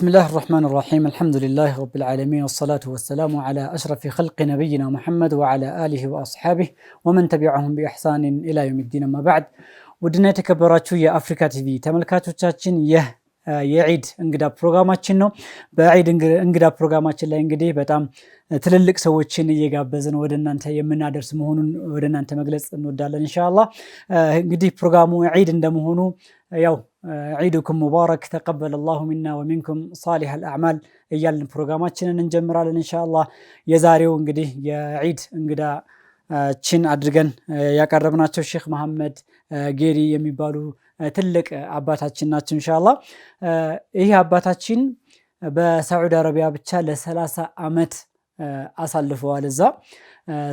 بسم الله الرحمن الرحيم الحمد لله رب العالمين والصلاة والسلام على أشرف خلق نبينا محمد وعلى آله وأصحابه ومن تبعهم بإحسان إلى يوم الدين ما بعد ودنا تكبرات يا أفريكا تي في تملكاتو تشاتشين يه የዒድ እንግዳ ፕሮግራማችን ነው። በዒድ እንግዳ ፕሮግራማችን ላይ እንግዲህ በጣም ትልልቅ ሰዎችን እየጋበዝን ወደ እናንተ የምናደርስ መሆኑን ወደ እናንተ መግለጽ እንወዳለን። እንሻላ እንግዲህ ፕሮግራሙ ዒድ እንደመሆኑ ያው ዒድኩም ሙባረክ ተቀበለ ላሁ ሚና ወሚንኩም ሳሊሕ አልአዕማል እያልን ፕሮግራማችንን እንጀምራለን። እንሻላ የዛሬው እንግዲህ የዒድ እንግዳ ችን አድርገን ያቀረብናቸው ሼክ መሐመድ ጌሪ የሚባሉ ትልቅ አባታችን ናቸው። እንሻላ ይህ አባታችን በሳዑዲ አረቢያ ብቻ ለሰላሳ ዓመት አሳልፈዋል እዛ።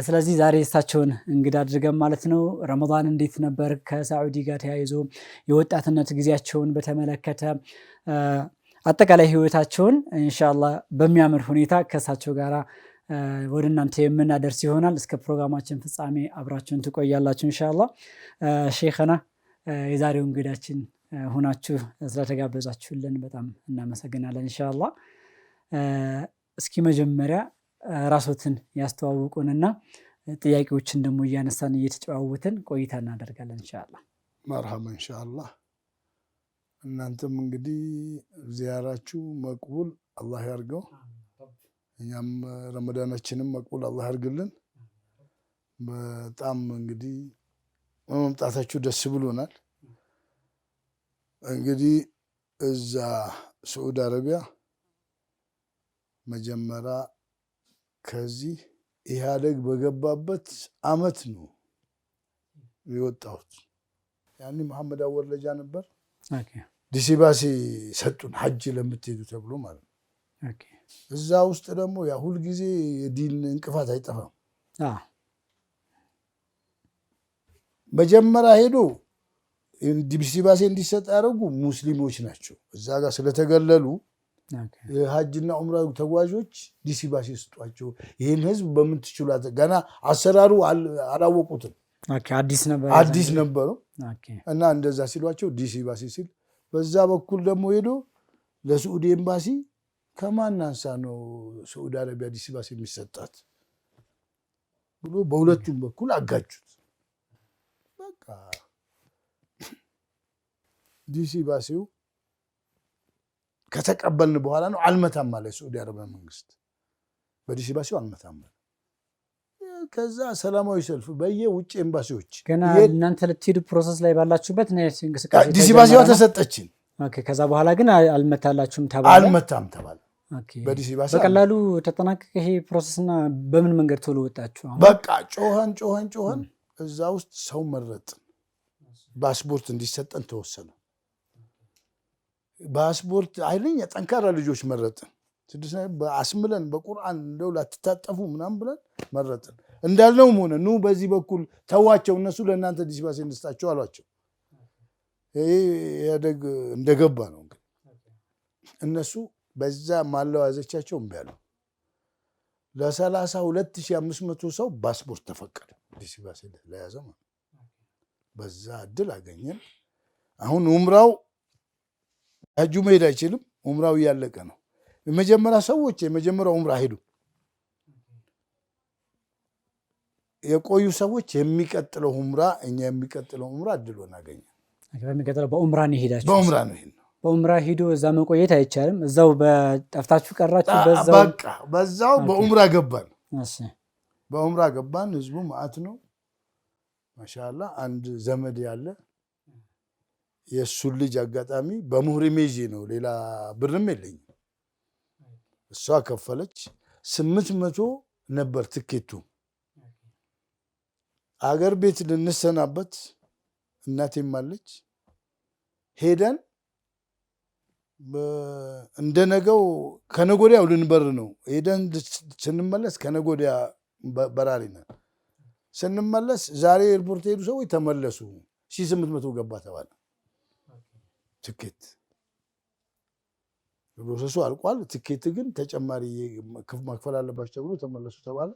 ስለዚህ ዛሬ እሳቸውን እንግዳ አድርገን ማለት ነው። ረመዳን እንዴት ነበር? ከሳዑዲ ጋር ተያይዞ የወጣትነት ጊዜያቸውን በተመለከተ አጠቃላይ ህይወታቸውን እንሻላ በሚያምር ሁኔታ ከእሳቸው ጋር ወደ እናንተ የምናደርስ ይሆናል። እስከ ፕሮግራማችን ፍጻሜ አብራችሁን ትቆያላችሁ እንሻላ ሼኸና የዛሬው እንግዳችን ሆናችሁ ስለተጋበዛችሁልን በጣም እናመሰግናለን። እንሻላ እስኪ መጀመሪያ ራሶትን ያስተዋውቁንና ጥያቄዎችን ደግሞ እያነሳን እየተጨዋወትን ቆይታ እናደርጋለን። እንሻላ መርሃም እንሻላ እናንተም እንግዲህ ዚያራችሁ መቅቡል አላህ ያርገው፣ እኛም ረመዳናችንም መቅቡል አላህ ያርግልን። በጣም እንግዲህ በመምጣታችሁ ደስ ብሎናል። እንግዲህ እዛ ስዑድ አረቢያ መጀመሪያ ከዚህ ኢህአደግ በገባበት አመት ነው የወጣሁት። ያኔ መሐመድ አወርለጃ ለጃ ነበር ዲሲባሲ ሰጡን፣ ሀጅ ለምትሄዱ ተብሎ ማለት ነው። እዛ ውስጥ ደግሞ ያ ሁልጊዜ የዲን እንቅፋት አይጠፋም። መጀመሪያ ሄዶ ዲቢሲባሴ እንዲሰጥ ያደረጉ ሙስሊሞች ናቸው። እዛ ጋር ስለተገለሉ ሀጅና ኡምራ ተጓዦች ዲሲባሴ ስጧቸው፣ ይህን ህዝብ በምትችሏት ገና አሰራሩ አላወቁትም፣ አዲስ ነበሩ እና እንደዛ ሲሏቸው ዲሲባሴ ሲል በዛ በኩል ደግሞ ሄዶ ለስዑድ ኤምባሲ ከማን አንሳ ነው ሳዑዲ አረቢያ ዲሲባሴ የሚሰጣት ብሎ በሁለቱም በኩል አጋጁት። ዲሲ ባሲው ከተቀበልን በኋላ ነው አልመታም አለ የሳዑዲ አረቢያ መንግስት። በዲሲ ባሲው አልመታም አለ። ከዛ ሰላማዊ ሰልፍ በየውጭ ኤምባሲዎች ገና እናንተ ልትሄዱ ፕሮሰስ ላይ ባላችሁበት እንቅስቃሴ ዲሲ ባሲዋ ተሰጠችን። ከዛ በኋላ ግን አልመታላችሁም ተባለ። አልመታም ተባለ። በቀላሉ ተጠናቀቀ ይሄ ፕሮሰስና በምን መንገድ ቶሎ ወጣችሁ? በቃ ጮኸን ጮኸን ጮኸን እዛ ውስጥ ሰው መረጥን። ፓስፖርት እንዲሰጠን ተወሰነ። ፓስፖርት አይለኛ ጠንካራ ልጆች መረጥን። አስምለን በቁርአን እንደው ላትታጠፉ ምናምን ብለን መረጥን። እንዳልነውም ሆነ። ኑ በዚህ በኩል ተዋቸው፣ እነሱ ለእናንተ ዲስባሴ እንስጣቸው አሏቸው። ያደግ እንደገባ ነው እንግዲህ እነሱ በዛ ማለዋዘቻቸው እምቢ አሉ። ለሰላሳ ሁለት ሺህ አምስት መቶ ሰው ፓስፖርት ተፈቀደ። ዲሲ ባሴ ለያዘ ማለት በዛ እድል አገኘን። አሁን ኡምራው ሀጁ መሄድ አይችልም። ኡምራው እያለቀ ነው። የመጀመሪያ ሰዎች የመጀመሪያው ኡምራ ሄዱ። የቆዩ ሰዎች የሚቀጥለው ኡምራ እኛ የሚቀጥለው ኡምራ እድል ሆነ በሚቀጥለው በኡምራ ነው የሄዳችሁ? በኡምራ ነው ይሄን በኡምራ ሂዶ እዛ መቆየት አይቻልም። እዛው በጠፍታችሁ ቀራችሁ። በዛው በቃ በዛው በኡምራ ገባን። በኡምራ ገባን። ህዝቡ ማአት ነው ማሻላ። አንድ ዘመድ ያለ የእሱን ልጅ አጋጣሚ በሙህሪም ይዤ ነው፣ ሌላ ብርም የለኝም። እሷ ከፈለች ስምንት መቶ ነበር ትኬቱ። አገር ቤት ልንሰናበት እናቴም አለች። ሄደን እንደነገው ከነጎዲያው ልንበር ነው። ሄደን ስንመለስ ከነጎዲያ በራሪ ነን። ስንመለስ ዛሬ ኤርፖርት ሄዱ ሰዎች ተመለሱ ሺ ስምንት መቶ ገባ ተባለ። ትኬት ፕሮሰሱ አልቋል። ትኬት ግን ተጨማሪ መክፈል አለባቸው ተብሎ ተመለሱ ተባለ።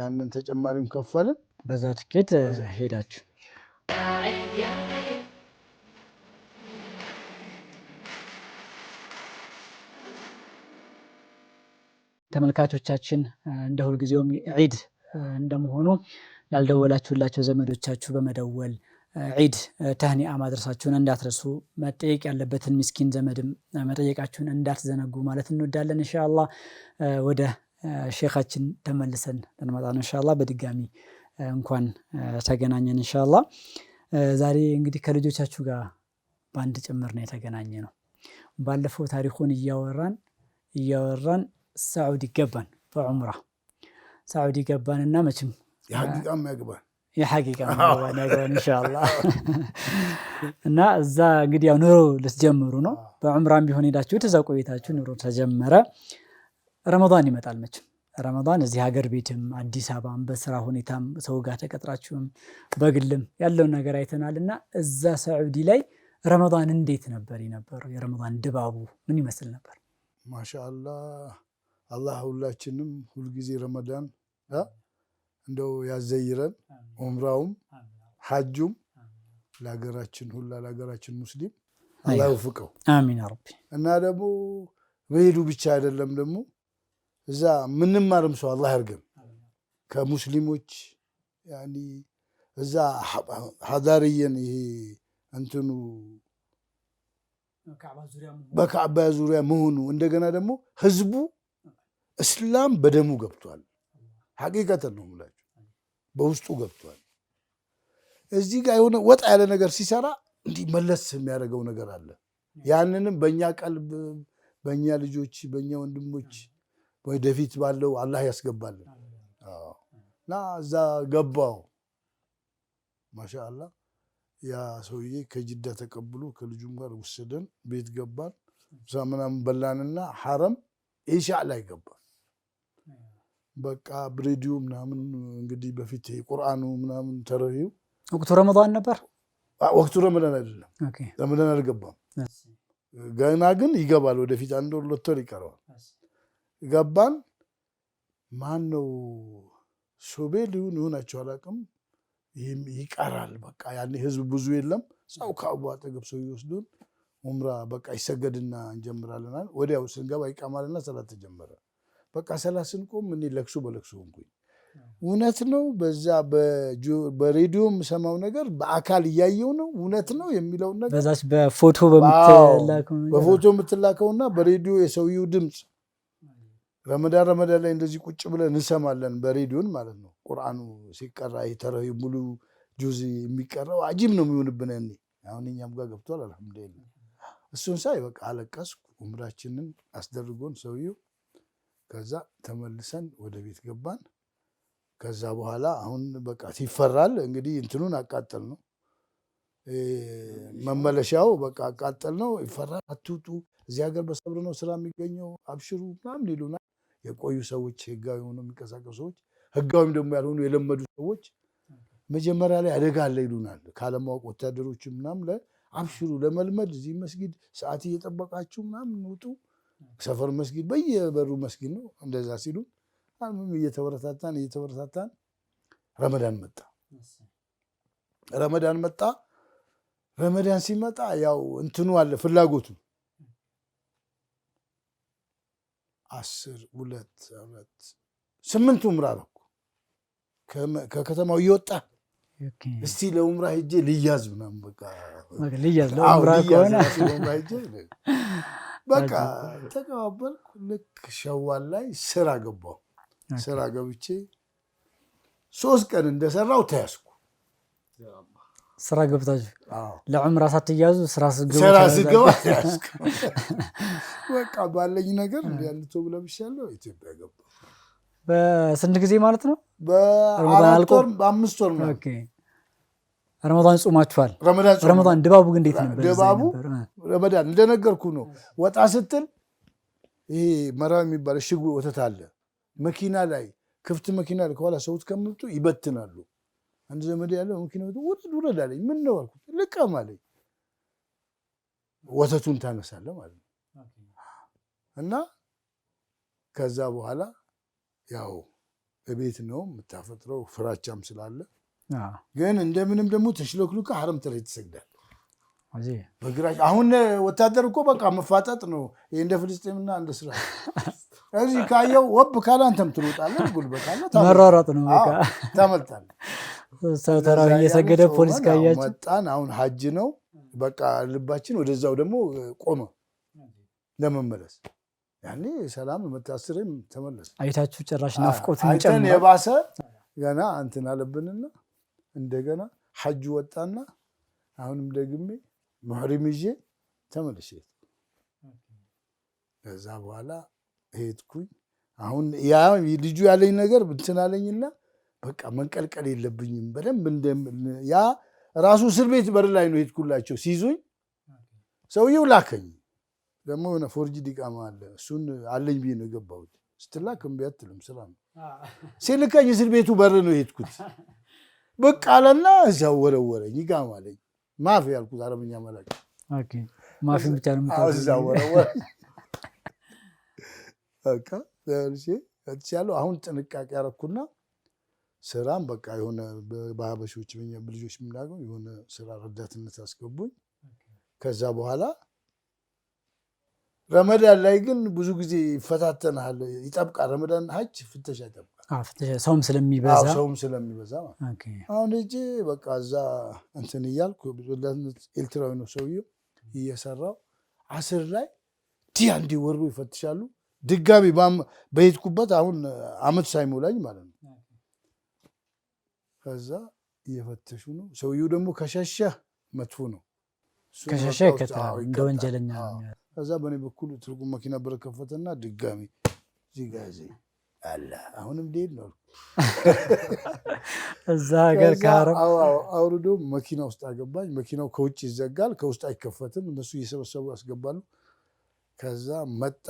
ያንን ተጨማሪም ከፈልን። በዛ ትኬት ሄዳችሁ ተመልካቾቻችን እንደ ሁልጊዜውም ዒድ እንደመሆኑ ያልደወላችሁላቸው ዘመዶቻችሁ በመደወል ዒድ ተህኒአ ማድረሳችሁን እንዳትረሱ፣ መጠየቅ ያለበትን ምስኪን ዘመድም መጠየቃችሁን እንዳትዘነጉ ማለት እንወዳለን። እንሻላ ወደ ሼኻችን ተመልሰን ልንመጣ ነው። እንሻላ በድጋሚ እንኳን ተገናኘን። እንሻላ ዛሬ እንግዲህ ከልጆቻችሁ ጋር በአንድ ጭምር ነው የተገናኘ ነው። ባለፈው ታሪኩን እያወራን እያወራን ሳዑዲ ገባን በዑምራ ሳዑዲ ገባን እና መቼም የሐቂቃም ያግባል የሐቂቃ ነገር ኢንሻአላህ እና እዛ እንግዲህ ያው ኑሮ ልትጀምሩ ነው። በዑምራም ቢሆን ሄዳችሁት እዛ ቆይታችሁ ኑሮ ተጀመረ። ረመዳን ይመጣል መቼም ረመዳን እዚህ ሀገር ቤትም አዲስ አበባም በስራ ሁኔታም ሰው ጋር ተቀጥራችሁም በግልም ያለውን ነገር አይተናል እና እዛ ሳዑዲ ላይ ረመዳን እንዴት ነበር የነበረው? የረመዳን ድባቡ ምን ይመስል ነበር? ማሻአላህ አላህ ሁላችንም ሁልጊዜ ረመዳን እንደው ያዘይረን ዑምራውም ሐጁም ለሀገራችን ሁላ ለሀገራችን ሙስሊም አላህ ይወፍቀው። አሚን ረቢ። እና ደግሞ በሄዱ ብቻ አይደለም ደግሞ እዛ ምንማርም ሰው አላህ ያርገን ከሙስሊሞች ያኒ እዛ ሀዳርየን ይሄ እንትኑ በካዕባ ዙሪያ መሆኑ እንደገና ደግሞ ህዝቡ እስላም በደሙ ገብቷል። ሀቂቀትን ነው የምላችሁ፣ በውስጡ ገብቷል። እዚህ ጋር የሆነ ወጣ ያለ ነገር ሲሰራ እንዲህ መለስ የሚያደርገው ነገር አለ። ያንንም በእኛ ቀልብ፣ በእኛ ልጆች፣ በእኛ ወንድሞች ወደፊት ባለው አላህ ያስገባልን እና እዛ ገባው። ማሻአላ ያ ሰውዬ ከጅዳ ተቀብሎ ከልጁም ጋር ወሰደን። ቤት ገባን፣ ምሳ ምናምን በላንና ሐረም ኢሻ ላይ ገባ። በቃ ብሬዲዮ ምናምን እንግዲህ በፊት ቁርአኑ ምናምን ተረዩ ወቅቱ ረመዳን ነበር። ወቅቱ ረመዳን አይደለም፣ ረመዳን አልገባም ገና ግን ይገባል። ወደፊት አንድ ወር ሁለት ወር ይቀረዋል። ገባን። ማን ነው ሶቤ ሊሆን ይሆናቸው አላውቅም። ይህም ይቀራል። በቃ ያኔ ህዝብ ብዙ የለም። ሰው ከአቡ አጠገብ ሰው ይወስዱን ኡምራ በቃ ይሰገድና እንጀምራለናል። ወዲያው ስንገባ ይቀማልና ሰላት ተጀመረ። በቃ ሰላ ስንቆም እኔ ለቅሶ በለቅሶ ሆንኩኝ። እውነት ነው። በዛ በሬዲዮ የምሰማው ነገር በአካል እያየው ነው። እውነት ነው የሚለውን ነገር በፎቶ በፎቶ የምትላከውና በሬዲዮ የሰውየው ድምፅ ረመዳን ረመዳን ላይ እንደዚህ ቁጭ ብለን እንሰማለን። በሬዲዮን ማለት ነው። ቁርአኑ ሲቀራ የተራዊ ሙሉ ጁዝ የሚቀራው አጂብ ነው የሚሆንብን። ያኔ አሁን እኛም ጋር ገብቷል። አልሐምዱሊላህ እሱን ሳይ በቃ አለቀስኩ። ዑምራችንን አስደርጎን ሰውየው ከዛ ተመልሰን ወደ ቤት ገባን። ከዛ በኋላ አሁን በቃ ሲፈራል እንግዲህ እንትኑን አቃጠል ነው መመለሻው በቃ አቃጠል ነው። ይፈራል። አትውጡ፣ እዚህ ሀገር በሰብር ነው ስራ የሚገኘው አብሽሩ ምናምን ይሉና የቆዩ ሰዎች ህጋዊ ሆኖ የሚንቀሳቀሱ ሰዎች ህጋዊም ደግሞ ያልሆኑ የለመዱ ሰዎች መጀመሪያ ላይ አደጋ አለ ይሉናል። ካለማወቅ ወታደሮች ምናምን አብሽሩ ለመልመድ እዚህ መስጊድ ሰዓት እየጠበቃችሁ ምናምን ውጡ ሰፈር መስጊድ በየበሩ መስጊድ ነው። እንደዛ ሲሉ አልምም እየተበረታታን እየተበረታታን ረመዳን መጣ። ረመዳን መጣ። ረመዳን ሲመጣ ያው እንትኑ አለ ፍላጎቱ አስር ሁለት ዓመት ስምንቱ ዑምራ አደረኩ። ከከተማው እየወጣ እስቲ ለዑምራ ሄጄ ልያዝ ምናምን በቃ ልያዝ ለዑምራ ከሆነ በቃ ተቀባበልኩ። ልክ ሸዋል ላይ ስራ ገባሁ። ስራ ገብቼ ሶስት ቀን እንደሰራው ተያዝኩ። ስራ ገብታችሁ ለዑምራ ሳትያዙ ስራ ስራ ስገባ ተያዝኩ። በቃ ባለኝ ነገር እንዲያልቶ ብለምሻለሁ። ኢትዮጵያ ገባ በስንት ጊዜ ማለት ነው? በአምስት ወር ነው። ረመዳን ጾማችኋል። ረመዳን ድባቡ እንዴት ነበር? ድባቡ ረመዳን እንደነገርኩ ነው። ወጣ ስትል ይሄ መራ የሚባል እሽግ ወተት አለ። መኪና ላይ ክፍት መኪና ላይ ከኋላ ሰዎች ከምጡ ይበትናሉ። አንድ ዘመድ ያለው መኪና ውረድ ውረድ አለኝ። ምን ነው አልኩት። ልቀም አለኝ። ወተቱን ታነሳለ ማለት ነው። እና ከዛ በኋላ ያው እቤት ነው የምታፈጥረው። ፍራቻም ስላለ ግን እንደምንም ደግሞ ተሽሎክሉካ ሀረም ላይ ትሰግዳል አሁን ወታደር እኮ በቃ መፋጠጥ ነው። እንደ ፍልስጤምና እንደ ስራ እዚህ ካየው ወብ ካለ አንተም ትሮጣለህ፣ ጉልበት አለ መሯሯጥ ነው ታመልጣለህ። ሰው ተራዊ እየሰገደ ፖሊስ ካያቸው መጣን። አሁን ሀጅ ነው በቃ ልባችን ወደዛው ደግሞ ቆመ ለመመለስ ያኔ ሰላም መታስርም ተመለስ አይታችሁ ጭራሽ ናፍቆት ጨን የባሰ ገና እንትን አለብንና እንደገና ሀጅ ወጣና አሁንም ደግሜ ሙሕሪም ይዤ ተመልሼ ከዛ በኋላ ሄድኩኝ። አሁን ያ ልጁ ያለኝ ነገር እንትን አለኝና በቃ መንቀልቀል የለብኝም በደንብ ያ ራሱ እስር ቤት በር ላይ ነው ሄድኩላቸው። ሲይዙኝ ሰውየው ላከኝ። ደግሞ የሆነ ፎርጅድ ኢቃማ አለ እሱን አለኝ ብዬ ነው የገባሁት። ስትላክ እምቢ አትልም ስራ ነው። ሲልከኝ እስር ቤቱ በር ነው ሄድኩት። ብቅ አለና እዚያው ወረወረኝ፣ ኢቃማ ማፍ ያልኩት አረብኛ መላጭ ማፌን ብቻ ነው ያለው። አሁን ጥንቃቄ ያረኩና ስራም በቃ የሆነ በሀበሾች ልጆች የምናገው የሆነ ስራ ረዳትነት አስገቡኝ። ከዛ በኋላ ረመዳን ላይ ግን ብዙ ጊዜ ይፈታተናል፣ ይጠብቃል። ረመዳን ሀጅ ፍተሻ ይጠብቃል። ሰውም ስለሚበዛ ሰውም ስለሚበዛ አሁን እጅ በቃ እዛ እንትን እያልኩ ኤርትራዊ ነው ሰውዬው እየሰራው አስር ላይ ዲያ እንዲወሩ ይፈትሻሉ። ድጋሚ በሄድኩበት አሁን አመት ሳይሞላኝ ማለት ነው። ከዛ እየፈተሹ ነው። ሰውዬው ደግሞ ከሸሸ መጥፎ ነው፣ ከሸሸ ይከተላል እንደ ወንጀለኛ። ከዛ በእኔ በኩል ትርጉም መኪና በረከፈተና ድጋሚ ዚጋዜ አለ አሁንም ዴል ነው እዛ ሀገር አውርዶ መኪና ውስጥ አገባኝ። መኪናው ከውጭ ይዘጋል፣ ከውስጥ አይከፈትም። እነሱ እየሰበሰቡ ያስገባሉ። ከዛ መጣ።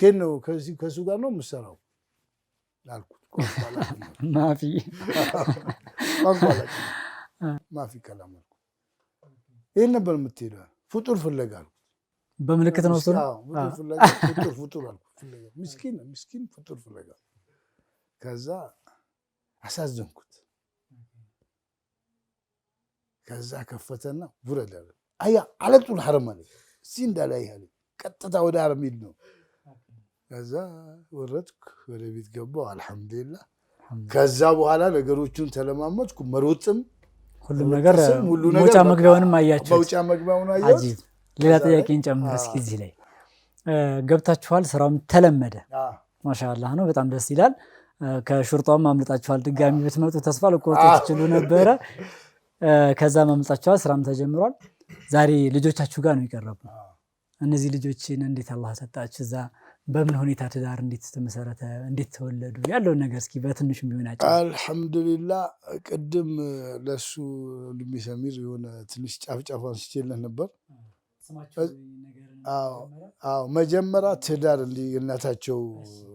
ከየት ነው? ከእሱ ጋር ነው የምሰራው አልኩት። ማፊ ማፊ ከላም አልኩት። ይህን ነበር የምትሄደው ፍጡር ፍለጋ አልኩት። በምልክት ነው ፍጡር ፍጡር አልኩት ፍለጋ ምስኪን ነው ምስኪን ፍጡር ፍለጋ። ከዛ አሳዘንኩት። ከዛ ከፈተና ውረድ አለ። አያ አለጡል ሐረም አለ እስቲ እንዳላይ አለ። ቀጥታ ወደ ሐረም ሂድ ነው። ከዛ ወረድኩ፣ ወደ ቤት ገባሁ። አልሐምዱሊላህ። ከዛ በኋላ ነገሮቹን ተለማመጥኩ መሮጥም ሁሉም ነገር መውጫ መግቢያውንም አያቸው መውጫ መግቢያውን አያ ሌላ ጥያቄን ጨምር እስኪ እዚህ ላይ ገብታችኋል። ስራውም ተለመደ። ማሻላ ነው። በጣም ደስ ይላል። ከሹርጧም አምልጣችኋል። ድጋሚ ብትመጡ ተስፋ ልቆርጡ ትችሉ ነበረ። ከዛ አምልጣችኋል። ስራም ተጀምሯል። ዛሬ ልጆቻችሁ ጋር ነው የቀረቡ። እነዚህ ልጆችን እንዴት አላህ ሰጣችሁ? እዛ በምን ሁኔታ ትዳር እንዴት ተመሰረተ? እንዴት ተወለዱ? ያለውን ነገር እስኪ ቢሆን ቢሆናቸው። አልሐምዱሊላህ ቅድም ለእሱ ልሚሰሚር የሆነ ትንሽ ጫፍጫፍ አንስቼልህ ነበር ስማቸው መጀመሪያ ትዳር እንዲህ እናታቸው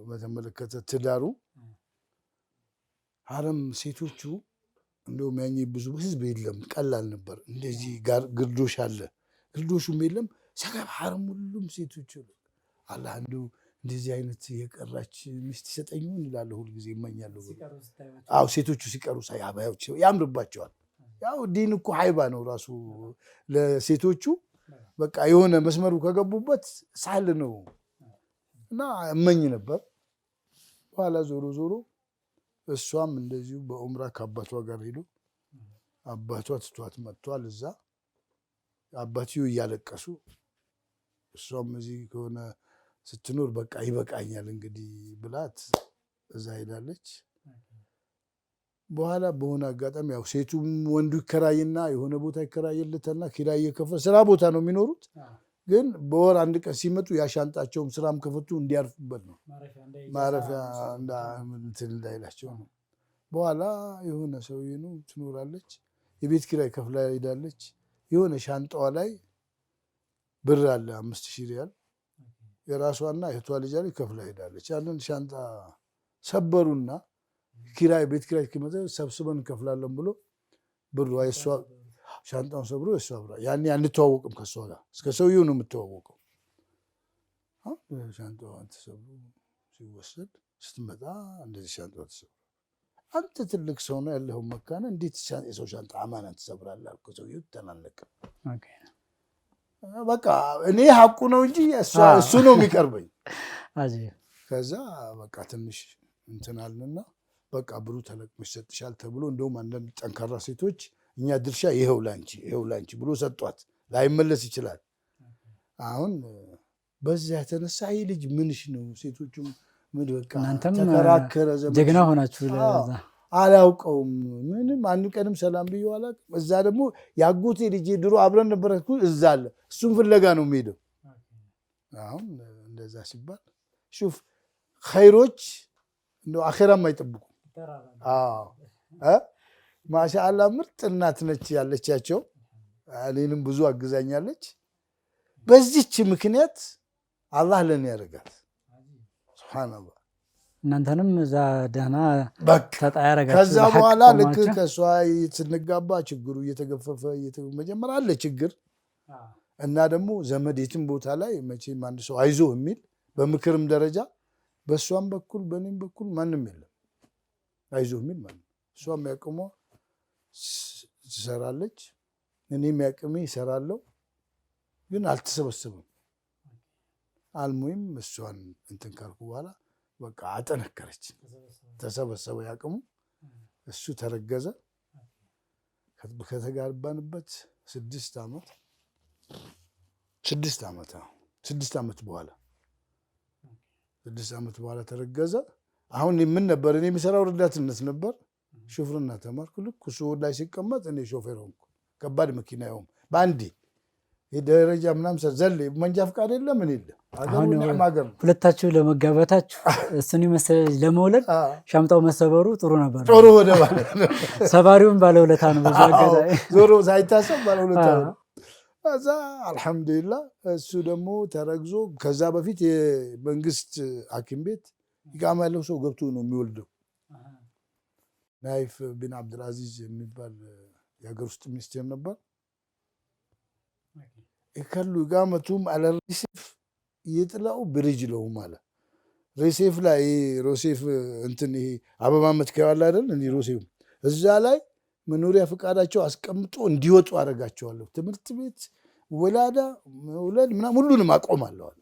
በተመለከተ ትዳሩ አረም ሴቶቹ እንዲሁም ያኝ ብዙ ህዝብ የለም ቀላል ነበር። እንደዚህ ጋር ግርዶሽ አለ ግርዶሹም የለም ሰገብ አረም ሁሉም ሴቶች አላህ እንዲሁ እንደዚህ አይነት የቀራች ሚስት ይሰጠኝ ይላለ ሁልጊዜ ይመኛለሁ። አዎ ሴቶቹ ሲቀሩ ሳይ አባዮች ያምርባቸዋል። ያው ዲን እኮ ሀይባ ነው ራሱ ለሴቶቹ በቃ የሆነ መስመሩ ከገቡበት ሳል ነው እና እመኝ ነበር። በኋላ ዞሮ ዞሮ እሷም እንደዚሁ በኡምራ ከአባቷ ጋር ሄዶ አባቷ ትቷት መጥቷል። እዛ አባትዮ እያለቀሱ እሷም እዚህ ከሆነ ስትኖር በቃ ይበቃኛል እንግዲህ ብላት እዛ ሄዳለች። በኋላ በሆነ አጋጣሚ ያው ሴቱም ወንዱ ይከራይና የሆነ ቦታ ይከራይልትና ኪራይ እየከፈለ ስራ ቦታ ነው የሚኖሩት። ግን በወር አንድ ቀን ሲመጡ ያሻንጣቸውም ስራም ከፈቱ እንዲያርፉበት ነው ማረፊያ እንትን እንዳይላቸው ነው። በኋላ የሆነ ሰውዬ ነው ትኖራለች፣ የቤት ኪራይ ከፍላ ሄዳለች። የሆነ ሻንጣዋ ላይ ብር አለ አምስት ሺህ ሪያል የራሷና እህቷ ልጅ ከፍላ ሄዳለች። ያንን ሻንጣ ሰበሩና ኪራይ ቤት ኪራይ እስኪመጣ ሰብስበን እንከፍላለን ብሎ ብሩ ሻንጣውን ሰብሮ እሷ ብራ ያኔ አንተዋወቅም ከእሷ ጋር እስከ ሰውዬው ነው የምተዋወቀው። ሻንጣዋን ተሰብሮ ሲወሰድ ስትመጣ እንደዚህ ሻንጣዋ ተሰብሮ አንተ ትልቅ ሰው ነው ያለኸው መካነ እንዴት የሰው ሻንጣ አማናን ትሰብራለህ አልኩህ። ሰውዬው በቃ እኔ ሀቁ ነው እንጂ እሱ ነው የሚቀርበኝ። ከዛ በቃ ትንሽ እንትን አልንና በቃ ብሩ ተለቅሞ ይሰጥሻል ተብሎ እንደውም አንዳንድ ጠንካራ ሴቶች እኛ ድርሻ ይኸው ላንቺ ይኸው ላንቺ ብሎ ሰጧት። ላይመለስ ይችላል። አሁን በዚያ የተነሳ ይህ ልጅ ምንሽ ነው? ሴቶቹም ምን በቃ ተከራከረ። ጀግና ሆናችሁ አላውቀውም። ምንም አንድ ቀንም ሰላም ብዬ አላውቅም። እዛ ደግሞ የአጎቴ ልጅ ድሮ አብረን ነበረ እዛ አለ። እሱም ፍለጋ ነው የሚሄደው። አሁን እንደዛ ሲባል ሹፍ ኸይሮች እንደው አኼራ ማሻአላ ምርጥ እናት ነች ያለቻቸው። እኔንም ብዙ አግዛኛለች። በዚች ምክንያት አላህ ለእኔ ያደርጋት ሱብሓነላህ። እናንተንም እዛ ደህና ተጣ ያደርጋት። ከዛ በኋላ ልክ ከእሷ ስንጋባ ችግሩ እየተገፈፈ መጀመር አለ ችግር እና ደግሞ ዘመድ የትም ቦታ ላይ መቼም አንድ ሰው አይዞ የሚል በምክርም ደረጃ በእሷም በኩል በእኔም በኩል ማንም የለም አይዞ የሚል ማለት ነው። እሷ የሚያቅሟ ትሰራለች፣ እኔ የሚያቅሜ ይሰራለው፣ ግን አልተሰበሰበም አልሙይም እሷን እንትን ካልኩ በኋላ በቃ አጠነከረች፣ ተሰበሰበ ያቅሙ። እሱ ተረገዘ። ከተጋባንበት ስድስት ዓመት ስድስት ዓመት ነው። ስድስት ዓመት በኋላ ስድስት ዓመት በኋላ ተረገዘ። አሁን ምን ነበር እኔ የሚሰራው ረዳትነት ነበር። ሹፍርና ተማርኩ። ልክ እሱ ላይ ሲቀመጥ እኔ ሾፌር ሆንኩ። ከባድ መኪና ይሁም በአንዴ የደረጃ ምናምን ዘል መንጃ ፍቃድ የለ ምን የለ ሀገር ሁለታችሁ ለመጋባታችሁ እሱን መሰለኝ ለመውለድ ሻምጣው መሰበሩ ጥሩ ነበር። ጥሩ ወደ ሰባሪውን ባለውለታ ነው። ብዙ አጋጣሚ ዞሮ ሳይታሰብ ባለውለታ ነው። ከዛ አልሐምዱሊላ እሱ ደግሞ ተረግዞ ከዛ በፊት የመንግስት ሐኪም ቤት ኢቃማ ያለው ሰው ገብቶ ነው የሚወልደው። ናይፍ ቢን አብድልአዚዝ የሚባል የሀገር ውስጥ ሚኒስቴር ነበር። ከሉ ኢቃመቱም አለ ሪሴፍ የጥላው ብሪጅ ለውም አለ ሪሴፍ ላይ ሮሴፍ እንትን ይሄ አበባ መትከያዋል አይደል? እንዲህ ሮሴፍ እዛ ላይ መኖሪያ ፈቃዳቸው አስቀምጦ እንዲወጡ አደርጋቸዋለሁ። ትምህርት ቤት፣ ወላዳ፣ መውለድ ምናምን ሁሉንም አቆማለሁ አለ።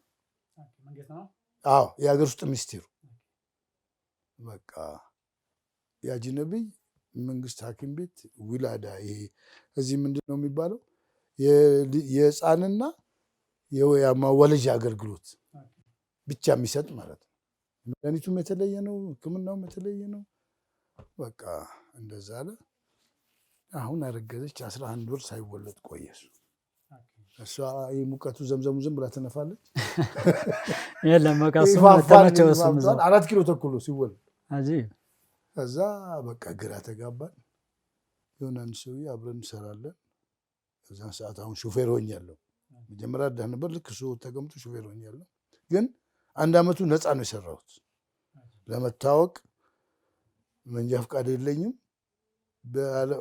አዎ የሀገር ውስጥ ሚኒስቴሩ በቃ የአጅነቢይ መንግስት ሐኪም ቤት ውላዳ ይሄ እዚህ ምንድን ነው የሚባለው? የህፃንና የማዋለጃ አገልግሎት ብቻ የሚሰጥ ማለት ነው። መድኃኒቱም የተለየ ነው፣ ህክምናውም የተለየ ነው። በቃ እንደዛ አለ። አሁን አረገዘች። አስራ አንድ ወር ሳይወለድ ቆየሱ እሷ ሙቀቱ ዘምዘሙ ዝም ብላ ትነፋለች። አራት ኪሎ ተኩሎ ሲወለድ እዛ በቃ ግራ ተጋባን። የሆነ አንድ ሰውዬ አብረን እንሰራለን። እዛን ሰዓት አሁን ሹፌር ሆኛለሁ። መጀመሪያ አዳህ ነበር። ልክ እሱ ተቀምጦ ሹፌር ሆኛለሁ። ግን አንድ አመቱ ነፃ ነው የሰራሁት። ለመታወቅ መንጃ ፍቃድ የለኝም።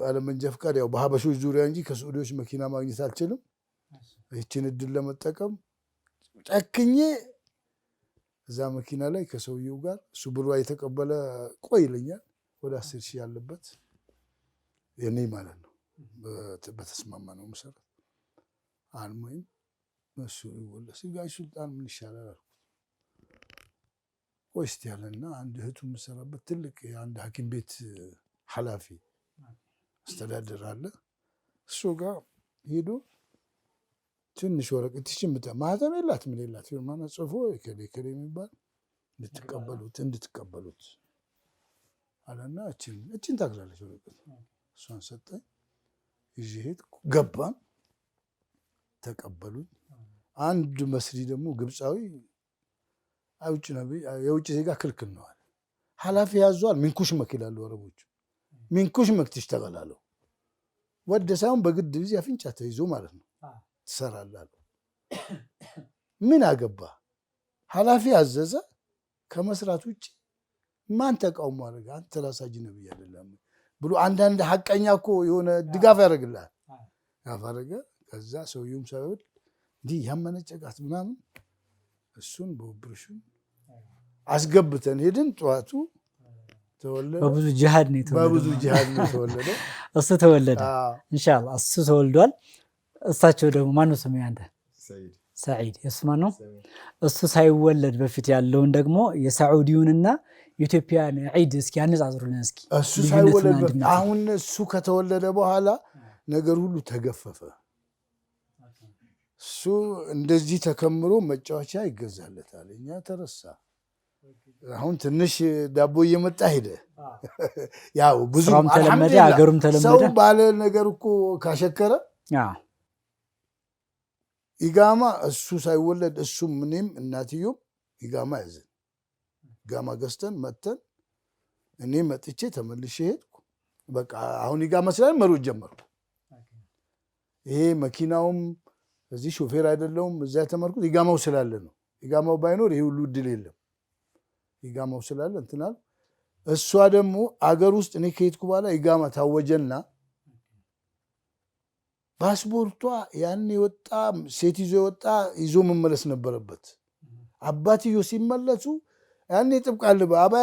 አለመንጃ ፍቃድ ያው በሀበሾች ዙሪያ እንጂ ከሳዑዲዎች መኪና ማግኘት አልችልም። ይችን እድል ለመጠቀም ጨክኜ እዛ መኪና ላይ ከሰውየው ጋር እሱ ብሏ የተቀበለ ቆይ ይለኛል። ወደ አስር ሺህ ያለበት የኔ ማለት ነው። በተስማማ ነው መሰረት አልሞይም እሱ ይወለስ ጋሽ ሱልጣን ምን ይሻላል አልኩት። ቆይ እስቲ ያለና አንድ እህቱ የምሰራበት ትልቅ የአንድ ሐኪም ቤት ኃላፊ አስተዳደር አለ እሱ ጋር ሄዶ ትንሽ ወረቀት ይችን ብታ ማህተም ምን የላት ፊርማና ጽፎ የከሌ ከሌ የሚባል እንድትቀበሉት እንድትቀበሉት አለና እችን እችን ታክላለች ወረቀት እሷን ሰጠኝ። ይዤ ሄድኩ። ገባን፣ ተቀበሉኝ። አንድ መስሪ ደግሞ ግብፃዊ የውጭ ዜጋ ክልክል ነዋል ሀላፊ ያዟል። ሚንኩሽ መክ ይላሉ አረቦቹ። ሚንኩሽ መክትሽ ተበላለው ወደ ሳይሆን በግድ ጊዜ አፍንጫ ተይዞ ማለት ነው። ትሰራለህ ምን አገባ ኃላፊ አዘዘ። ከመስራት ውጭ ማን ተቃውሞ አደረገ? አንተ ተላሳጅ ነብይ አይደለም ብሎ አንዳንድ ሀቀኛ እኮ የሆነ ድጋፍ ያደርግልሃል። ድጋፍ አደረገ። ከዛ ሰውየውም ሳይወድ እንዲህ ያመነጨቃት ምናምን እሱን በኦፕሬሽን አስገብተን ሄድን። ጠዋቱ ተወለደ። በብዙ ጅሃድ ነው የተወለደ። እሱ ተወለደ። ኢንሻላህ እሱ ተወልዷል። እሳቸው ደግሞ ማን ነው ስሙ ያንተ? ሰዒድ እሱ ማን ነው? እሱ ሳይወለድ በፊት ያለውን ደግሞ የሳዑዲውንና የኢትዮጵያን ዒድ እስኪ አነጻጽሩልን እስኪ። እሱ ሳይወለድ አሁን እሱ ከተወለደ በኋላ ነገር ሁሉ ተገፈፈ። እሱ እንደዚህ ተከምሮ መጫወቻ ይገዛለታል። እኛ ተረሳ። አሁን ትንሽ ዳቦ እየመጣ ሄደ። ያው ብዙ ሰው ባለ ነገር እኮ ካሸከረ ኢጋማ እሱ ሳይወለድ እሱም እኔም እናትዮም ኢጋማ ያዘን። ኢጋማ ገዝተን መጥተን እኔ መጥቼ ተመልሼ ሄድኩ። በቃ አሁን ኢጋማ ስላለ መሮጥ ጀመርኩ። ይሄ መኪናውም እዚህ ሾፌር አይደለውም። እዛ የተመርኩት ኢጋማው ስላለ ነው። ኢጋማው ባይኖር ይሄ ሁሉ እድል የለም። ኢጋማው ስላለ እንትናል። እሷ ደግሞ አገር ውስጥ እኔ ከሄድኩ በኋላ ኢጋማ ታወጀና ፓስፖርቷ ያን የወጣ ሴት ይዞ የወጣ ይዞ መመለስ ነበረበት። አባትዮ ሲመለሱ ያን አባ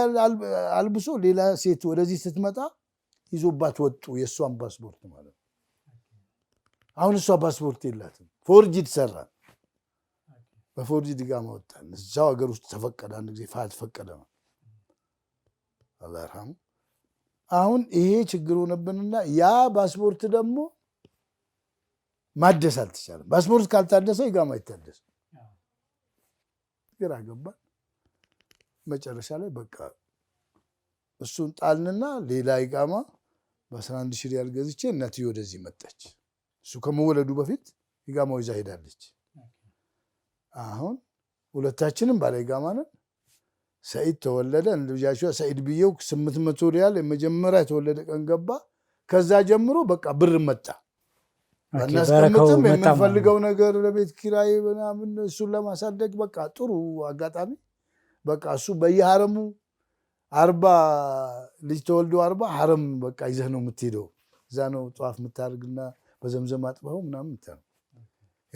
አልብሶ ሌላ ሴት ወደዚህ ስትመጣ ይዞባት ወጡ። የእሷን ፓስፖርት ማለት አሁን እሷ ፓስፖርት የላትም። ፎርጅድ ሰራ። በፎርጅድ ድጋማ ወጣን። እዛው ሀገር ውስጥ ተፈቀደ። አንድ ጊዜ ፋ ተፈቀደ ነው አላርሃም። አሁን ይሄ ችግር ሆነብንና ያ ፓስፖርት ደግሞ ማደስ አልተቻለም። ፓስፖርት ካልታደሰ ይጋማ አይታደስም። ግራ ገባ። መጨረሻ ላይ በቃ እሱን ጣልንና ሌላ ይጋማ በ11 ሺህ ሪያል ገዝቼ እናትዬ ወደዚህ መጣች። እሱ ከመወለዱ በፊት ይጋማው ይዛ ሄዳለች። አሁን ሁለታችንም ባለ ይጋማ ነን። ሰኢድ ተወለደ። ልጃቸው ሰኢድ ብዬው ስምንት መቶ ሪያል የመጀመሪያ የተወለደ ቀን ገባ። ከዛ ጀምሮ በቃ ብር መጣ። እናስቀምጥም የምንፈልገው ነገር ለቤት ኪራይ ምናምን እሱን ለማሳደግ በቃ ጥሩ አጋጣሚ በቃ እሱ በየሀረሙ አርባ ልጅ ተወልዶ አርባ ሀረም በቃ ይዘህ ነው የምትሄደው። እዛ ነው ጠዋፍ የምታደርግና በዘምዘም አጥበው ምናምን ተ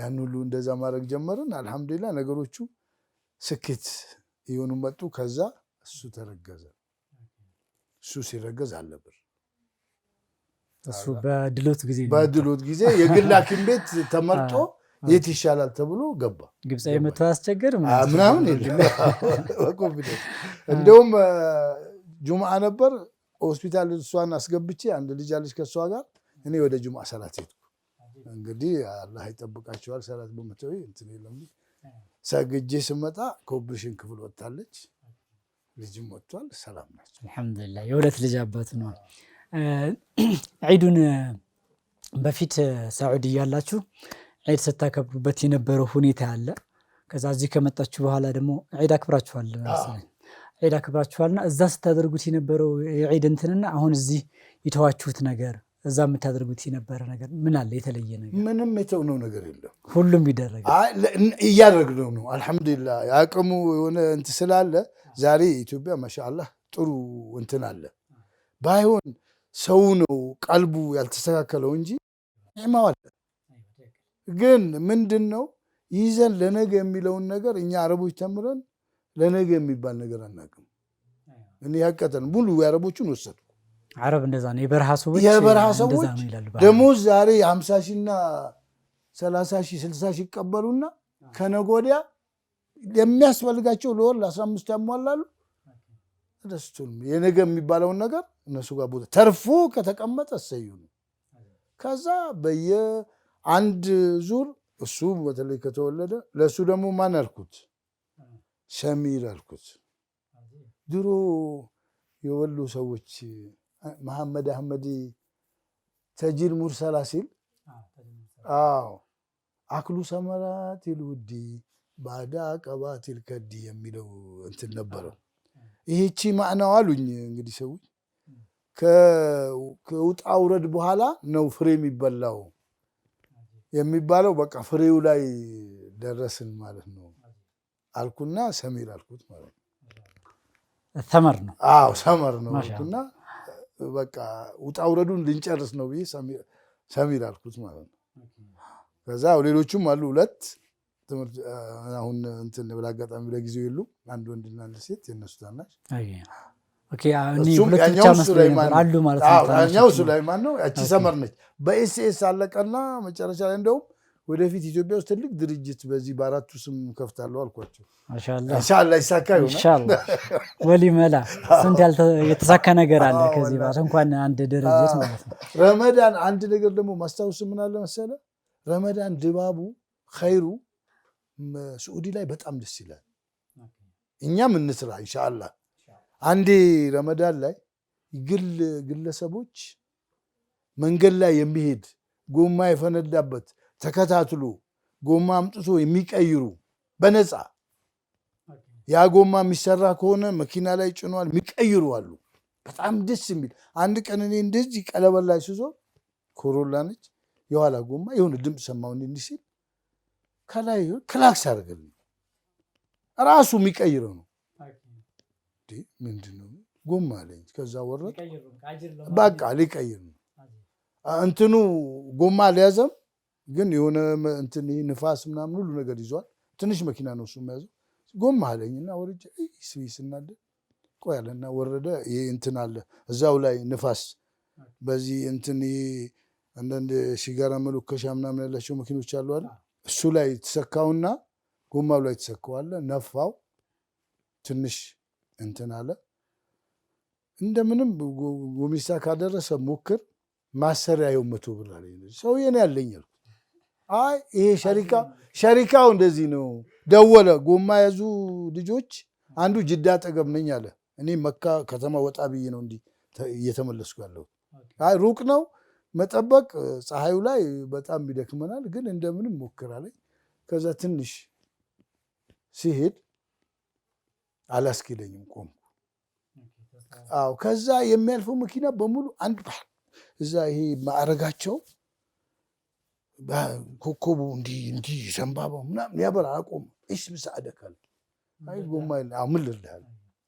ያን ሁሉ እንደዛ ማድረግ ጀመርን። አልሐምዱሊላ ነገሮቹ ስኬት እየሆኑ መጡ። ከዛ እሱ ተረገዘ። እሱ ሲረገዝ አለብር እሱ በድሎት ጊዜ በድሎት ጊዜ የግል ሐኪም ቤት ተመርጦ የት ይሻላል ተብሎ ገባ። ግብፃ መቶ አስቸገር ምናምን በኮንፊደንስ እንደውም ጁምዓ ነበር ሆስፒታል እሷን አስገብቼ አንድ ልጅ አለች ከእሷ ጋር እኔ ወደ ጁምዓ ሰላት ሄድኩ። እንግዲህ አላህ ይጠብቃቸዋል። ሰላት በመተው እንትን የለም ሰግጄ ስመጣ ከኦፕሬሽን ክፍል ወጥታለች፣ ልጅም ወጥቷል። ሰላም ናቸው። አልሐምዱሊላህ የሁለት ልጅ አባት ነው። ዒዱን በፊት ሳዑዲ እያላችሁ ዒድ ስታከብሩበት የነበረው ሁኔታ አለ። ከዛ እዚህ ከመጣችሁ በኋላ ደግሞ ዒድ አክብራችኋል ዒድ አክብራችኋልና እዛ ስታደርጉት የነበረው የዒድ እንትንና አሁን እዚህ የተዋችሁት ነገር እዛ የምታደርጉት የነበረ ነገር ምን አለ? የተለየ ነገር ምንም የተውነው ነገር የለም። ሁሉም ይደረግ እያደረግነው ነው። አልሐምዱሊላ አቅሙ የሆነ እንትን ስላለ ዛሬ ኢትዮጵያ ማሻአላህ ጥሩ እንትን አለ ባይሆን ሰው ነው ቀልቡ ያልተስተካከለው እንጂ ኒዕማው አለ። ግን ምንድን ነው ይዘን ለነገ የሚለውን ነገር እኛ አረቦች ተምረን ለነገ የሚባል ነገር አናውቅም። እኔ ያቀተን ሙሉ የአረቦቹን ወሰድኩ። አረብ እንደዛ ነው። የበረሃ ሰዎች የበረሃ ሰዎች ደግሞ ዛሬ ሀምሳ ሺና ሰላሳ ሺ ስልሳ ሺ ይቀበሉና ከነጎዲያ የሚያስፈልጋቸው ለወር ለአስራ አምስት ያሟላሉ ደስቱን የነገ የሚባለውን ነገር እነሱ ጋር ቦታ ተርፎ ከተቀመጠ እሰዩ ነው። ከዛ በየአንድ ዙር እሱ በተለይ ከተወለደ ለእሱ ደግሞ ማን አልኩት? ሸሚል አልኩት። ድሮ የወሎ ሰዎች መሐመድ አህመድ ተጂል ሙርሰላ ሲል አዎ አክሉ ሰመራት ልውዲ ባዳ ቀባት ልከዲ የሚለው እንትን ነበረው። ይህቺ ማዕናው አሉኝ እንግዲህ ሰው ከውጣ ውረድ በኋላ ነው ፍሬ የሚበላው የሚባለው። በቃ ፍሬው ላይ ደረስን ማለት ነው አልኩና ሰሚር አልኩት ማለት ነው። ሰመር ነው። አዎ ሰመር ነው አልኩና በቃ ውጣ ውረዱን ልንጨርስ ነው ብዬ ሰሚር አልኩት ማለት ነው። ከዛ ሌሎቹም አሉ ሁለት ትምህርት አሁን እንትን ብላ አጋጣሚ ለጊዜው የሉ አንድ ወንድና አንድ ሴት የነሱ ታናሽ እሱ ላይ ማን ነው። ያቺ ሰመር ነች። በኤስኤስ አለቀና መጨረሻ ላይ እንደውም ወደፊት ኢትዮጵያ ውስጥ ትልቅ ድርጅት በዚህ በአራቱ ስም ከፍታለሁ አልኳቸው። ኢንሻላህ ይሳካ ይሆናል። ወሊ መላ ስንት የተሳካ ነገር አለ። ከዚህ ባት እንኳን አንድ ድርጅት ማለት ነው። ረመዳን አንድ ነገር ደግሞ ማስታወስ ምን አለ መሰለህ፣ ረመዳን ድባቡ ኸይሩ ስዑዲ ላይ በጣም ደስ ይላል። እኛም እንስራ እንሻላ። አንዴ ረመዳን ላይ ግል ግለሰቦች መንገድ ላይ የሚሄድ ጎማ የፈነዳበት ተከታትሎ ጎማ አምጥቶ የሚቀይሩ በነፃ ያ ጎማ የሚሰራ ከሆነ መኪና ላይ ጭኗል የሚቀይሩ አሉ። በጣም ደስ የሚል አንድ ቀን እኔ እንደዚህ ቀለበል ላይ ስዞር ኮሮላ ነች የኋላ ጎማ የሆነ ድምፅ ሰማሁ እንዲህ ሲል ከላይ ክላክስ ያደርገልኝ ራሱ የሚቀይረው ነው። ምንድነው ጎማ አለኝ። ከዛ ወረድ በቃ ሊቀይር ነው እንትኑ ጎማ አልያዘም፣ ግን የሆነ እንትን ንፋስ ምናምን ሁሉ ነገር ይዟል። ትንሽ መኪና ነው እሱ የያዘው። ጎማ አለኝና እና ስዊስ ስናደ ቆያለና ወረደ። ይሄ እንትን አለ እዛው ላይ ንፋስ በዚህ እንትን ይሄ አንዳንድ ሲጋራ መለኮሻ ምናምን ያላቸው መኪኖች አሉ አይደል እሱ ላይ የተሰካውና ጎማው ላይ ተሰካዋለ። ነፋው፣ ትንሽ እንትን አለ። እንደምንም ጎሚሳ ካደረሰ ሞክር፣ ማሰሪያ መቶ ብር አለ። ሰውዬ ነው ያለኝ አይ ይሄ ሸሪካ ሸሪካው እንደዚህ ነው። ደወለ ጎማ ያዙ ልጆች፣ አንዱ ጅዳ አጠገብ ነኝ አለ። እኔ መካ ከተማ ወጣ ብዬ ነው እንዲህ እየተመለስኩ ያለሁት። አይ ሩቅ ነው መጠበቅ ፀሐዩ ላይ በጣም ይደክመናል፣ ግን እንደምንም ሞክራለኝ። ከዛ ትንሽ ሲሄድ አላስኪለኝም ቆምኩ። አዎ፣ ከዛ የሚያልፈው መኪና በሙሉ አንድ ባህል እዛ ይሄ ማዕረጋቸው ኮከቡ እንዲህ እንዲህ ዘንባባ ምናምን ያበራ አቆም እሽ ብሳ አደካል አይ ጎማ ምን ልልሃል።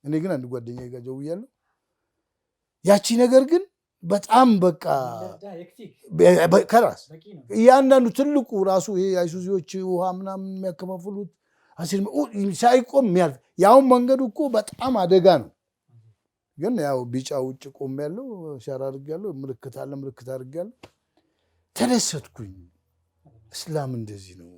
እኔ ግን አንድ ጓደኛ ጋር ጀውያለሁ። ያቺ ነገር ግን በጣም በቃ ከራስ እያንዳንዱ ትልቁ ራሱ ይሄ አይሱዚዎች ውሃ ምናምን የሚያከፋፍሉት ሳይቆም የሚያልፍ ያሁን መንገዱ እኮ በጣም አደጋ ነው። ግን ያው ቢጫ ውጭ ቆም ያለው ሻራ አድርጌያለሁ፣ ምልክት አለ ምልክት አድርጌያለሁ። ተደሰትኩኝ። እስላም እንደዚህ ነው።